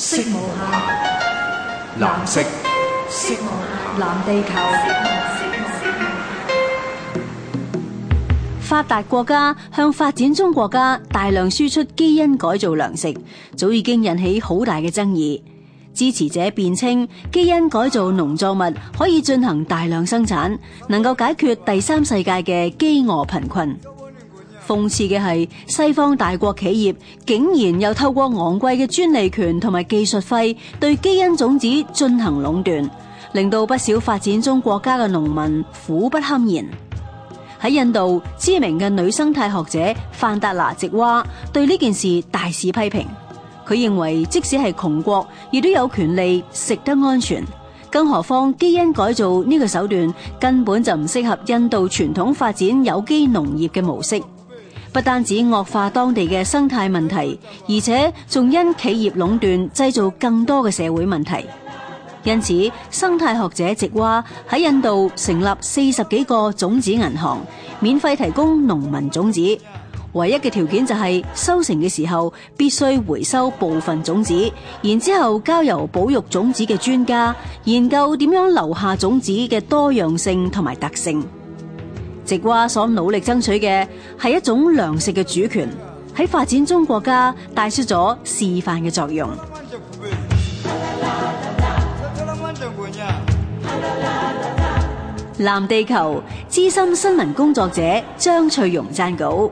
色無下，藍色。色無下，藍地球。發達國家向發展中國家大量輸出基因改造糧食，早已經引起好大嘅爭議。支持者辯稱，基因改造農作物可以進行大量生產，能夠解決第三世界嘅飢餓貧困。諷刺嘅係，西方大國企業竟然又透過昂貴嘅專利權同埋技術費，對基因種子進行壟斷，令到不少發展中國家嘅農民苦不堪言。喺印度，知名嘅女生態學者范達娜直娃對呢件事大肆批評。佢認為，即使係窮國，亦都有權利食得安全，更何況基因改造呢個手段根本就唔適合印度傳統發展有機農業嘅模式。不單止惡化當地嘅生態問題，而且仲因企業壟斷製造更多嘅社會問題。因此，生態學者直話喺印度成立四十幾個種子銀行，免費提供農民種子，唯一嘅條件就係、是、收成嘅時候必須回收部分種子，然之後交由保育種子嘅專家研究點樣留下種子嘅多樣性同埋特性。直瓜所努力爭取嘅係一種糧食嘅主權，喺發展中國家帶出咗示範嘅作用。藍地球資深新聞工作者張翠蓉撰稿。